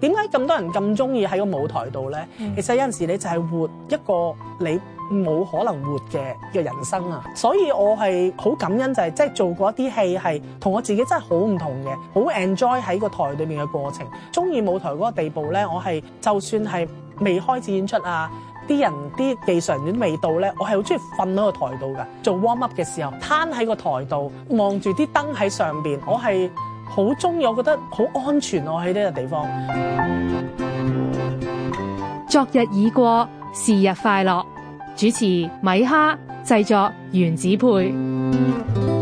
點解咁多人咁中意喺個舞台度呢？嗯、其實有陣時你就係活一個你冇可能活嘅嘅人生啊！所以我係好感恩就係即係做過一啲戲係同我自己真係好唔同嘅，好 enjoy 喺個台裏面嘅過程。中意舞台嗰個地步呢，我係就算係未開始演出啊，啲人啲技術人員未到呢，我係好中意瞓喺個台度㗎。做 warm up 嘅時候，攤喺個台度望住啲燈喺上面，我係。好中意，我覺得好安全，我喺呢個地方。昨日已過，時日快樂。主持米哈，製作原子配。